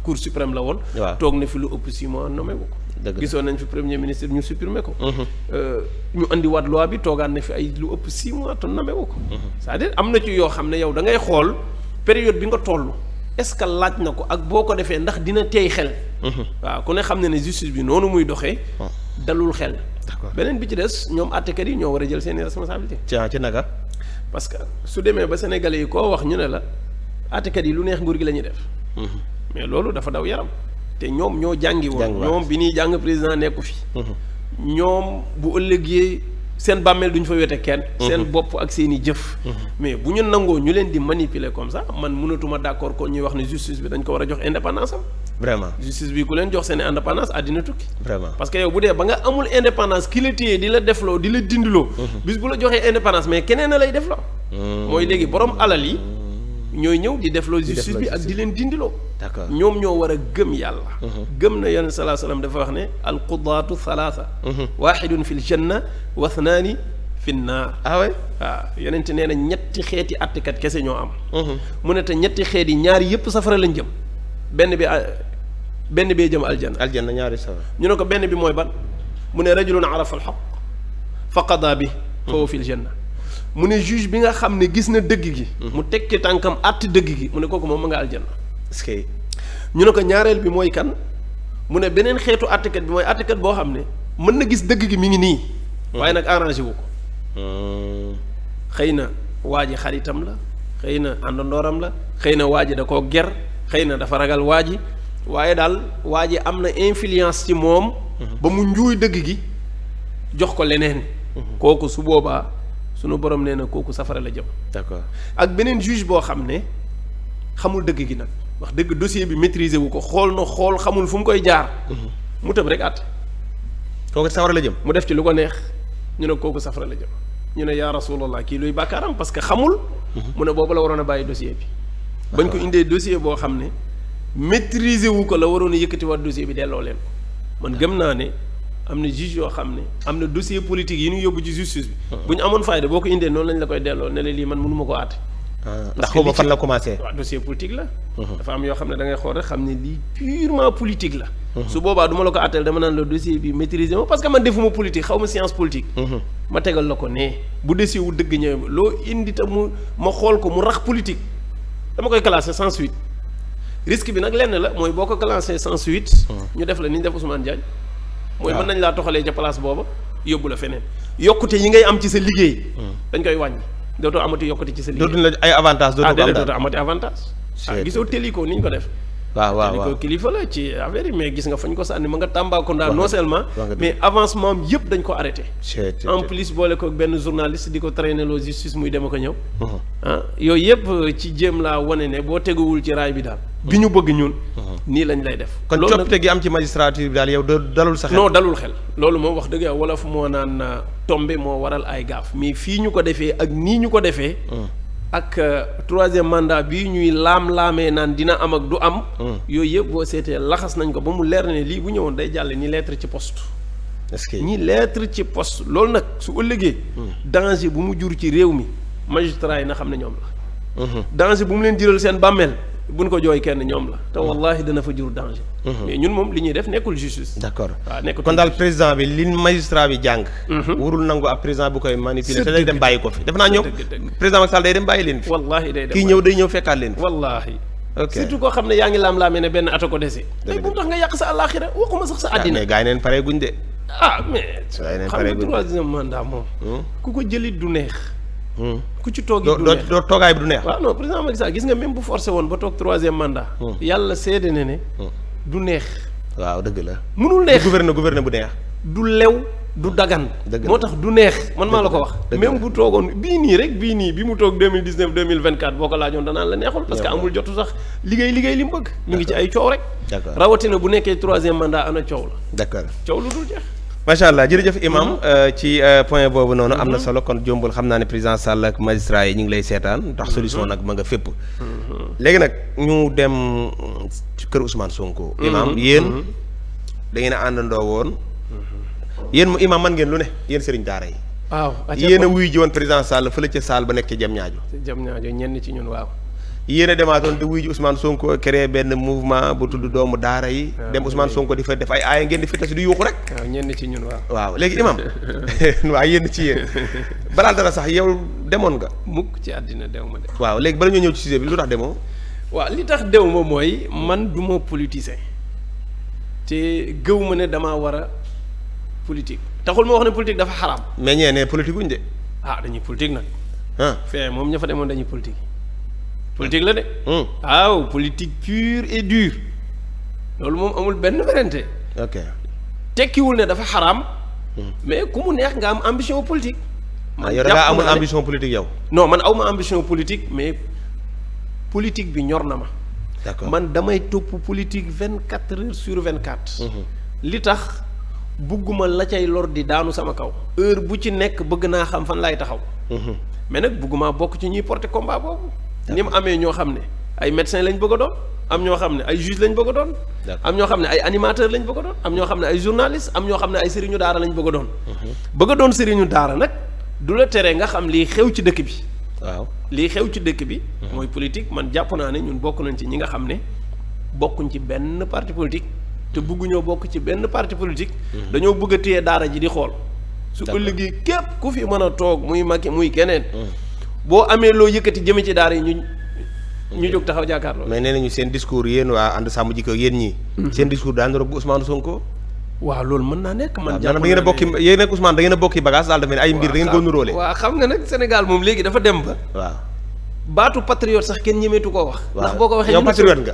cour suprême la woon. waaw toog na fi lu ëpp six mois ko. dëgg nañ fi premier ministre ñu supprimer ko. Mhm. Euh, ñu andiwaat loi bi toogaan na fi ay lu ëpp six mois te ko. Mhm. cest à am na ci yoo xam ne yow da ngay xool période bi nga toll. est-ce que laaj na ko ak boo ko defee ndax dina tey xel. Mhm. waaw ku ne xam ne ne justice bi noonu muy doxee. dalul xel. d'accord beneen bi ci des ñoom àttekat yi ñoo war a jël seeni responsabilité ci ci naka. parce que su demee ba sénégalais yi koo wax ñu ne la àttekat yi lu neex nguur la ñuy def. mais loolu dafa daw yaram te ñoom ñoo jàngi woon ñoom bi ñuy jàng président nekku fii ñoom bu ëllëg ëllëgee seen bàmmeel duñ fa wete kenn seen mhm. bopp ak seen i jëf mhm. mais bu ñu nangoo ñu leen di manipuler comme ça man mënatuma d'accord ko ñuy wax ne justice bi dañ ko war a jox indépendance am vraiment justice bi ku leen jox seen indépendance àddina tukki vraiment parce que yow bu dee ba nga amul indépendance ki la téye di la defloo di la dindiloo mhm. bis bu la joxee indépendance mais keneen a lay defloo mooy léegi borom alal ñooy ñëw di defloo justice bi ak di leen dindiloo d'accord ñoom ñoo war a gëm yàlla uh-huh. gëm na yonent salaa salaam dafa wax ne alqudaatu thalatha uh-huh. waaxidun fi l janna wa thnaani fi naar ah waaw yonent nee ñetti xeeti àttekat kese ñoo am uh-huh. mu ñetti xeet yi ñaari yëpp safara lañ jëm benn bi ah, benn bee jëm aljanna aljanna ñaari safara ñu ne ko benn bi mooy ban mu ne rajulun arafa alxaq fa qadaa bi foofu fi l mu ne juge bi nga xam ne gis na dëgg gi mu tekki tànkam àtt dëgg gi mu ne kooku moom ma nga aljanna est que ñu ne ko ñaareel bi mooy kan mu ne beneen xeetu àttekat bi mooy àttekat boo xam ne mën na gis dëgg gi mi ngi nii. waaye nag arrangé wu ko. xëy na waa ji xaritam la xëy na àndandooram la xëy na waa ji da koo ger xëy na dafa ragal waa ji waaye daal waa ji am na influence ci moom. ba mu njuuy dëgg gi jox ko leneen. kooku su boobaa sunu borom nee na kooku safara la jëm. d'accord ak beneen juge boo xam ne xamul dëgg gi nag. wax dëgg dossier bi maîtriser wu ko xool na xool xamul fu mu koy jaar. Mhm. mu tëb rek àtte. kooku safara la jëm. mu def ci lu ko neex ñu ne kooku safara la jëm ñu ne yaa rasulallah kii luy bàkkaaram parce que xamul. Mhm. mu ne boobu la waroon a bàyyi dossier bi. bañ ko indee dossier boo xam ne maîtriser wu ko la waroon a yëkkatiwaat dossier bi delloo leen ko man gëm naa ne. am na juge yoo xam ne am na dossier politique yi ñu yóbbu ci justice bi. Mhm. bu ñu amoon fayda boo ko indee noonu lañ la delloo ne la lii man ko àtte. Ah, ndax xaw ma fan la commencé. waaw dossier politique la. Uh-huh. dafa am yoo xam ne da xool rek xam ne lii purement politique la. Uh-huh. su boobaa du la ko àttal dama naan la dossier bi maîtriser ma parce que defuma politique xaw ma science politique. Uh-huh. ma tegal la ko ne bu dossier wu dëgg ñëw loo indi te ma xool ko mu rax politique dama koy classé sans suite bi nag lenn la mooy boo ko classé sans suite. ñu def la ni ñu def Ousmane Diagne. mooy mën nañ laa toxalee ca place booba yóbbu am ci sa liggéey. dañ koy dootoo amati yokkati ci sa liggéey. dootuñ la ay avantage dootoo ah, ko am dootoo amati avantage. ah gisoo Téliko ni ñu ko def. waaw waaw waaw kilifa la ci affaire mais gis nga ñu ko sànni ma nga Tambacounda non seulement mais avancement am yëpp dañ ko arrêté en plus boole ko benn journaliste di ko traîner loo justice muy dem ko ñëw uh-huh. ah yooyu yëpp ci jéem laa wane ne boo teguwul ci raay bi daal bi ñu bëgg ñun. Uh-huh. nii lañ lay def. kon coppite gi am ci magistrature bi daal yow dalul sa xel. non dalul xel loolu moom wax dëgg yàlla wolof moo naan uh, tombe moo waral ay gaaf mais fii ñu ko defee ak nii ñu ko defee. Uh-huh. ak uh, troisième mandat bi ñuy laam-laamee naan dina am ak du am. Uh-huh. yooyu yëpp boo seetee laxas nañ ko ba mu leer na lii bu ñëwoon day jàll ni lettre ci post est que ñi lettre ci post loolu nag su ëllëgee. danger bu mu jur ci réew mi magistrat yi na xam ne ñoo la. danger leen jural seen bàmmeel. buñ ko jooy kenn ñoom la te wallahi dana fa jur danger. Mhm. mais ñun moom li ñuy def nekkul justice. d' accord kon daal président bi li magistrat bi jàng. Mhm. warul nangu ab président bu koy manipuler. te day dem bàyyi ko fi def naa ñoom président Macky Sall day leen fi. wallahi day dem kii ñëw day ñëw fekkaat leen fi. wallahi ok surtout koo xam ne yaa ngi laam-laamee ne benn ato ko dese. dëgg bu mu tax nga yàq sa àllaaxira waxuma sax sa ah, àddina. mais yi neen pare guñ de. ah mais. gars yi neen pare guñ de xam nga troisième mandat moom. Hmm? ku Hmm. ku ci toog it du neex doo toogaay bi neex. waaw non président Macky Sall gis nga même bu forcé woon ba toog troisième mandat. Hmm. yàlla seede na ne. Hmm. du neex. waaw dëgg la. munul neex gouverne gouverne bu neex. du lew du dagan. moo tax du neex man maa la ko wax. même bu toogoon bii nii rek bii nii bi mu toog deux mille dix neuf deux mille vingt quatre boo ko laajoon danaan la neexul. parce que amul jotu sax liggéey liggéey li mu bëgg. ñu ngi ci ay coow rek. rawatina bu nekkee troisième mandat ana macha allah jërëjëf mm-hmm. imam euh, ci euh, point boobu noonu am na mm-hmm. solo kon jombul xam naa ne président Sall ak magistrat yi ñu ngi lay seetaan mm-hmm. ndax solution nag ma nga fépp léegi nag ñu dem kër Ousmane Sonko imam yéen da ngeen àndandoo woon yéen mu imam man ngeen lu ne yéen sëriñ daara yi waaw yéen a wuyu ji woon président Sall fële ca Sall ba nekk ca jam ñaajo jam ñaajo ci ñun waaw yéen a demaatoon te wuy ji Ousmane Sonko créé benn mouvement bu tudd doomu daara yi. Ah, dem Ousmane Sonko di fa def ay aaya ngeen di fi tas di yuuxu rek. waaw ah, ñenn ci ñun waaw. waaw léegi imam waaw yéen ci yéen balaa dara sax yow demoon nga. mukk ci àddina dew ma waaw léegi bala ñoo ñëw ci sujet bi demoo. waaw li tax dew ma mooy man du ma politicien te gëw ma ne damaa war a politique taxul moo wax ne politique dafa xaraam. mais ñee ne politique de. ah dañuy politique nag. ah fee moom ña fa demoon dañuy politique. politique la de. Hmm. waaw politique pure et dure loolu moom amul benn werante ok tekkiwul ne dafa xaraam. Hmm. mais ku mu neex nga am ambition politique. Ah, man jàpp nga amul ambition politique yow. non man awma ambition politique mais politique bi ñor na ma. d'accord man damay topp politique vingt quatre heures sur vingt quatre. Hmm. li tax bugguma la cay lor di daanu sama kaw. heure bu ci nekk bëgg naa xam fan laay taxaw. mais nag bugguma bokk ci ñuy porte combat boobu. ni mu amee ñoo xam ne ay médecins lañ bëgg a doon am ñoo xam ne ay juge lañ bëgg doon am ñoo xam ne ay animateur lañ bëgg doon am ñoo xam ne ay journaliste am ñoo xam ne ay sëriñu daara lañ bëgg a doon mhm. bëgg a doon sëriñu daara nag du la tere nga xam lii xew ci dëkk bi waaw lii xew ci dëkk bi mhm. mooy politique man jàpp naa ne ñun bokk nañ ci ñi nga xam ne bokkuñ ci benn parti politique te mhm. bëgguñoo bokk ci benn parti politique dañoo bëgg a téye daara ji di xool su ëllëgee képp mën a toog muy Macky muy keneen boo amee loo yëkkati jëme ci daar yi ñu ñu jóg taxaw jàkkaarloo. mais nee nañu seen discours yéen waa ànd sàmm jikko yéen ñi hmm. seen discours daa ndoroog bu Ousmane Sonko. waaw loolu mën naa nekk man. jàpp naa da ngeen a bokki yéen ak Ousmane da ngeen a bokki bagage daal dafa ay mbir da ngeen ko nuróole. xam nga nag Sénégal moom léegi dafa dem ba. waaw baatu patriote sax kenn ñemeetu koo wax. waa boo ko waxee yow patriote nga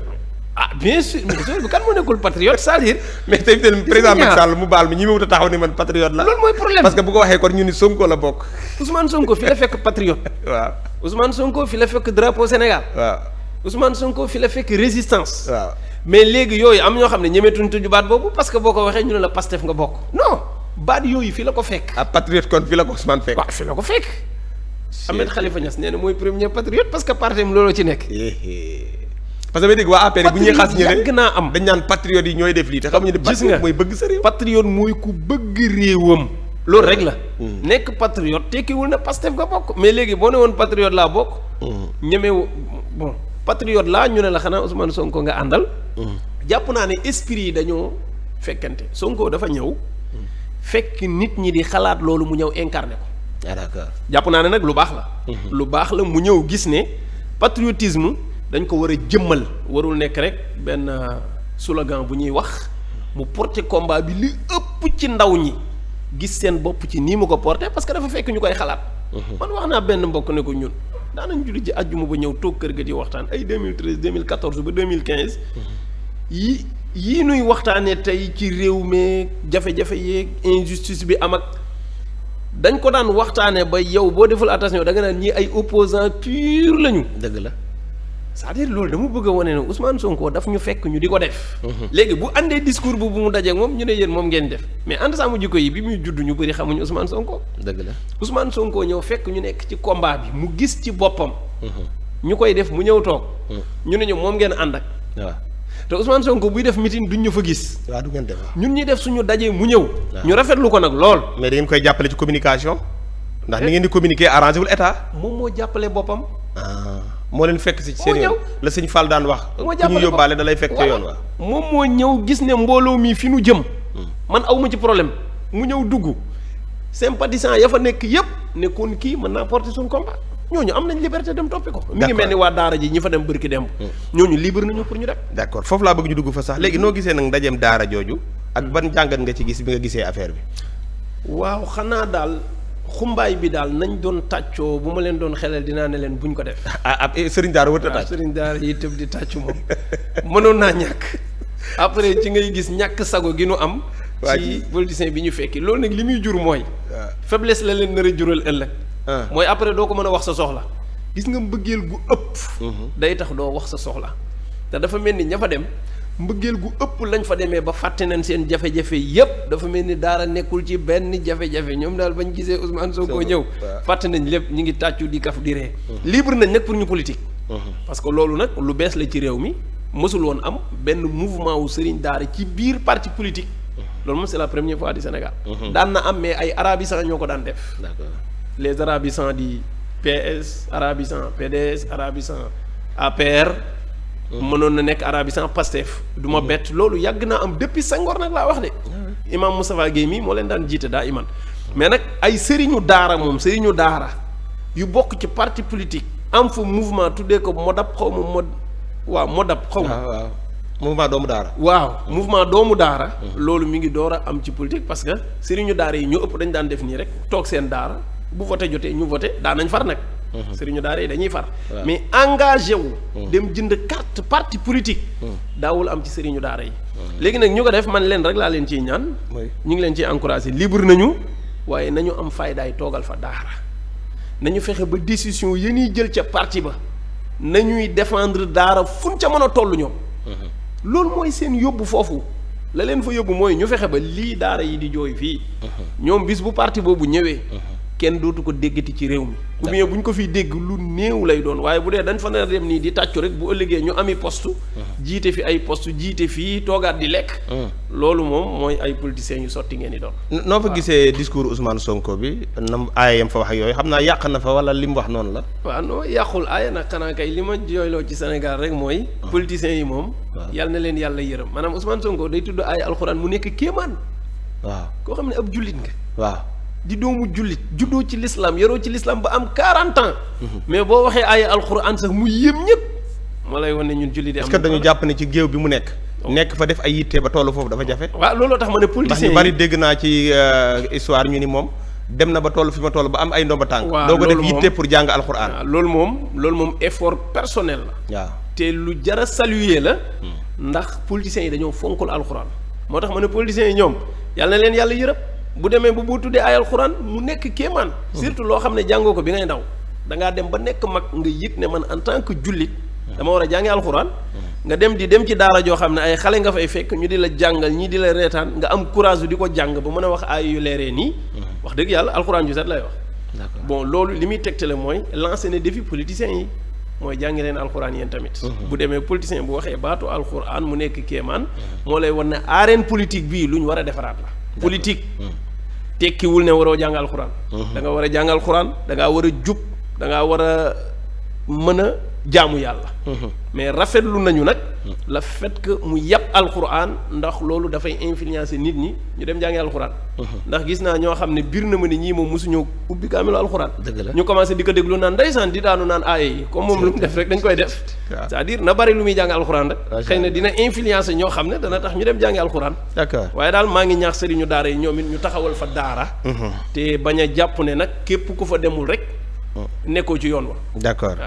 ah bien sûr kan moo nekkul patriote c'est-à-dire mais tey président Macky Sall mu baal mi ñi ma wut a taxaw ni man patriote la. loolu mooy problème parce que bu ko waxee kon ñu ni Sonko la bokk. Ousmane Sonko fi la fekk patriote. waaw Ousmane Sonko fi la fekk drapeau Sénégal. waaw Ousmane Sonko fi la fekk résistance. waaw mais léegi yooyu am ñoo xam ne ñemetuñ tuju boobu parce que boo ko waxee ñu ne la Pastef nga bokk. non baat yooyu fi la ko fekk. ah kon fi la ko Ousmane fekk. fi la ko fekk. Ahmed Khalifa Niass nee na mooy premier patriote parce que parti parce que ba dégg waa APR bu ñuy xas ñële yàgg naa am dañ naan patriote yi ñooy def lii te xamuñu ne patriote mooy bëgg sa réew patriote mooy ku bëgg réewam loolu rek la hmm. nekk patriote tekkiwul na Pastef nga bokk mais léegi boo ne woon patriote laa bokk hmm. ñemewu bon patriote laa ñu ne la xanaa Ousmane Sonko nga àndal hmm. jàpp naa ne esprit yi dañoo fekkante Sonko dafa ñëw fekk nit ñi di xalaat loolu mu ñëw incarné ko ah, d'accord jàpp naa ne nag lu baax la lu baax la mu ñëw gis ne patriotisme dañ ko war a jëmmal warul nekk rek benn euh, slogan bu ñuy wax mu porte combat bi li ëpp ci ndaw ñi gis seen bopp ci nii mu ko porter parce que dafa fekk ñu koy xalaat. Mhm. man wax naa benn mbokk ne ko ñun daanañ julli ji àjjuma ba ñëw toog kër ga di waxtaan ay 2013 2014 ba 2015. Mhm. yi yii nuy waxtaanee tey ci réew meeg jafe-jafe yeeg injustice bi am ak dañ ko daan waxtaanee ba yow boo deful attention danga nga naan ay opposants pur lañu. dëgg la. c'est-à-dire loolu dama bëgg wone wane usmaan Ousmane Sonko daf ñu fekk ñu di ko def. léegi bu àndee discours bu mu dajeeg moom ñu ne yéen moom ngeen def mais ànd sàmm jikko yi bi muy judd ñu bëri xamuñu Ousmane Sonko. dëgg la Ousmane Sonko ñëw fekk ñu nekk ci combat bi mu gis ci boppam. Mhm. ñu koy def mu ñëw toog. Mhm. ñu ne ñu moom ngeen ànd ak. waaw te Ousmane Sonko buy def meeting duñ ñu fa gis. waaw du ngeen def ñun ñuy def suñu dajee mu ñëw. ñu rafetlu ko nag lool. mais da koy jàppale ci communication. ndax ni eh? ngeen di communiquer arrangé wul état. moom moo jàppale boppam. Ah. moo leen fekk si seen yoon la sëñ Fall daan wax ku ñu yóbbaale da lay fekk ca yoon wa moom moo ñëw gis ne mbooloo mii fi nu jëm hmm. man awma ci problème mu ñëw dugg sympathisant ya fa nekk yépp ne kon kii mën naa porter suñu combat ñooñu am nañ liberté dem toppi ko mi ngi mel ni waa daara ji ñi fa dem bërki dem hmm. ñooñu libre nañu pour ñu dem d'accord foofu laa bëgg ñu dugg fa sax léegi hmm. noo gisee nag ndajeem daara jooju ak ban jàngat nga ci gis bi nga gisee affaire bi waaw xumbaay bi daal nañ doon tàccoo bu ma leen doon xelal dinaa ne leen buñ ko def. ah ah eh, Serigne Daara wër ah, tàcc Serigne Daara yi tëb di tàcc moom mënoon naa ñàkk après ci ngay gis ñàkk sago gi nu am. ci politicien bi ñu fekki loolu nag li muy jur mooy. Ah. faiblesse la leen nar a jural ëllëg. Ah. mooy après doo ko mën a wax sa soxla. gis nga mbëggeel gu ëpp. Mhm. day tax doo wax sa soxla te dafa mel ni ña fa dem. mbëggeel gu ëpp lañ fa demee ba fàtte nañ seen jafe-jafe yépp dafa mel ni daara nekkul ci benn jafe-jafe ñoom daal ba ñu gisee Ousmane Sonko ñëw fàtte nañ lépp ñu ngi tàccu di kaf di ree mmh. libre nañ nag pour ñu politique mmh. parce que loolu nag lu bees la ci réew mi mësul woon am benn mouvement wu sëriñ daara ci biir parti politique mmh. loolu moom c'est la première fois du Sénégal daan na am mais ay arabisants ñoo ko daan def les arabisants di PS arabisants PDS arabisants APR mënoon na nekk arabes yi sans Pastef du ma bett loolu yàgg naa am depuis Senghor nag laa wax de. imaam Moustapha Guèye mii moo leen daan jiite daa iman mais nag ay sëriñu daara moom sëriñu daara yu bokk ci parti politique am fu mouvement tuddee ko modab xaw moom mod waaw modab xaw ma ah, waaw doomu daara waaw mouvement doomu daara loolu mu ngi door a am ci politique parce que sëriñu daara yi ñu ëpp dañ daan def nii rek toog seen daara bu voté jotee ñu voté daa nañ far nag Mhm. sëriñu daara yi dañuy far mais engagé wu mhm. dem jënd carte parti politique mhm. daawul am ci sëriñu daara yi léegi nag ñu ko def man leen rek laa leen ciy ñaan ñu ngi leen ciy encouragé libre nañu waaye nañu am faydaay toogal fa daara nañu fexe ba décision yi ñuy jël ca parti ba nañuy defendre daara fuñ ca mën a toll ñoom loolu mooy seen yóbbu foofu la leen fa yóbbu mooy ñu fexe ba lii daara yi di jooy fii ñoom bis bu parti boobu ñëwee kenn dootu ko déggati ci réew mi ou bien bu ñu ko fiy dégg lu néew lay doon waaye bu dee dañ fa nar a dem nii di tàccu rek bu ëllëgee ñu ami poste uh-huh. jiite fi ay poste jiite fii toogaat di lekk uh-huh. loolu moom mooy ay politiciens yu sotti ngeen di doon noo fa gisee discours Ousmane Sonko bi nam aaya yam fa ak yooyu xam naa yàq na fa wala li mu wax noonu la waaw yàqul aaya na xanaa kay li ma jooyloo ci Sénégal rek mooy uh-huh. politiciens yi moom yàlla na leen yàlla yërëm maanaam usmaan Sonko day tudd aaya alxuraan mu nekk kéemaan waaw koo xam ne ab jullit nga di doomu jullit juddoo ci l'islam yaroo ci l'islam ba am 40 ans. mais boo waxee ay alxuraan sax mu yëm ñëpp. moo lay wan ne ñun jullit yi am. est-ce dañu jàpp ne ci géew bi mu nekk. Oh. nekk fa def ay yitte ba tollu foofu dafa jafe. waa looloo tax ma ne politiciens yi bari dégg naa ci euh, histoire ñu ni moom. dem na ba toll fi ma toll ba am ay ndomba tànk. waaw loolu moom doo ko def yitte pour loolu moom loolu moom effort personnel la. waaw te lu jara a la. Hmm. ndax politiciens yi dañoo fonkul alxuraan. moo tax ma ne politiciens yi ñoom yàlla na leen yàlla yërëm. bu demee bu bu tuddee ay alxuraan mu nekk kéemaan. Hmm. surtout loo xam ne jàngoo ko bi ngay daw da dem ba nekk mag nga yëg ne man en tant que jullit. Hmm. dama war a jàngi alxuraan. Hmm. nga dem di dem ci daara joo xam ne ay xale nga fay fekk ñu di la jàngal ñi di la reetaan nga am courage di ko jàng ba mën a wax ay yu leeree nii. wax dëgg yàlla alxuraan ju lay wax. bon loolu li muy teg tegtale mooy lancé ne défi politiciens yi mooy jàngi leen alxuraan yéen tamit. bu demee politicien bu waxee baatu alxuraan mu nekk kéemaan. moo lay wan ne politique bii lu ñu war a defaraat politique hmm. tekkiwul ne waroo jàng alxuraan hmm. da nga war a jàng alxuraan war a jub da ngaa war a mën a jaamu yàlla mhm. mais rafetlu nañu nag mhm. la fait que mu yàpp alquran ndax loolu dafay influencer nit ñi ñu dem jàngi alquran mhm. ndax gis naa ñoo xam ne biir na ma ni ñii moom mosuñu ubbi kaamilu alquran dëgg la ñu commencé di ko déglu naan ndeysaan di daanu naan aaye yi moom lu mu dañ koy def cest na bari lu muy jàngi alquran rek na dina influencer ñoo xam ne dana tax ñu dem jàngi alquran d'accord waaye daal maa ngi ñaax ñu daara yi ñoom it ñu taxawal fa daara te bañ a jàpp ne nag képp ku fa demul rek nekkoo ci yoon wa. d' accord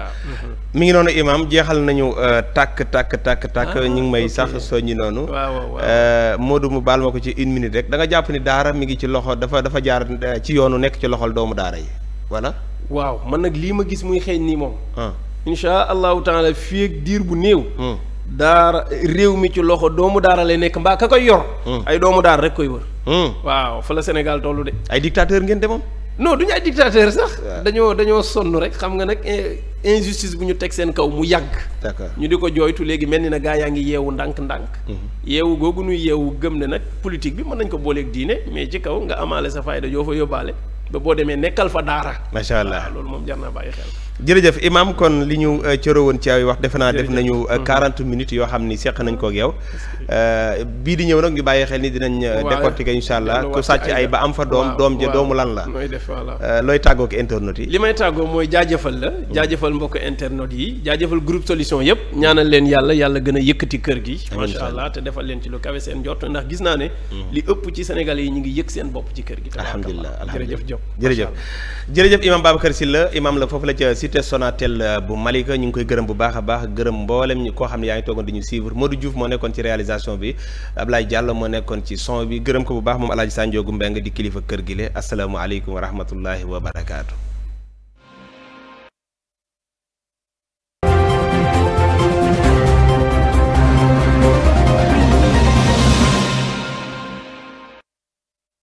mi ngi noonu Imaam jeexal nañu euh, tàkk tàkk tàkk tàkk ah, ñu ngi may sax soññi noonu. waaw waaw euh, Modou mu baal ma ko ci une minute rek da nga jàpp ni daara mi ngi ci loxo dafa dafa jaar euh, ci yoonu nekk ci loxol doomu daara yi voilà. waaw man nag lii ma gis muy xeeñ nii moom. Ah. incha allahu taala fii ak diir bu néew. Hmm. daara réew mi ci loxo doomu daara lay nekk mbaa ka koy yor. Hmm. ay doomu daara rek koy wër. Hmm. waaw fa la Sénégal tollu de. ay dictateur ngeen de moom. non du ñu ay dictateur sax. dañoo dañoo sonn rek xam nga nag eh, injustice bu ñu teg seen kaw mu yàgg. ñu di ko jooytu léegi mel ni na gaa yaa ngi yeewu ndànk-ndànk. Mm-hmm. yeewu googu nuy yeewu gëm ne nag politique bi mën nañ ko booleeg diine mais ci kaw nga amaale sa fayda yoo fa yóbbaale. ba boo demee nekkal fa daara. macha allah ah, loolu moom jar naa bàyyi xel. jërëjëf imam kon li ñu euh, cëroo woon ci ay wax defe naa def nañu. 40 euh, mhm. minutes yoo xam ni seq nañ ko ak yow. Euh, bii di ñëw nag ñu bàyyi xel ni dinañ. waaw décortiquer incha allah ku sàcc ay ba am fa doom doom ja doomu lan la. mooy def looy tàggook internet yi. li may tàggoo mooy jaajafal la. Mhm. jaajëfal mbokk internet yi jaajëfal groupe solution yëpp. ñaanal leen yàlla yàlla gën a yëkkati kër gi. macha allah te defal leen ci lu kawe seen jot ndax gis naa ne. Mhm. ëpp ci Sénégal yi ñu ngi yëg seen bopp ci kër gi. Diop jërëjëf jërëjëf imam Babacar Sylla imam la foofu la ca cité Sonatel euh, bu Malika ñu ngi koy gërëm bu baax a baax gërëm mboolem ñi koo xam ne yaa ngi toogoon di ñu suivre Modou Diouf moo nekkoon ci réalisation bi Ablaye Diallo moo nekkoon ci son bi gërëm ko bu baax moom Alaaji Sanjoogu Mbeng di kilifa kër gi le asalaamaaleykum wa rahmatullahi wa barakaatu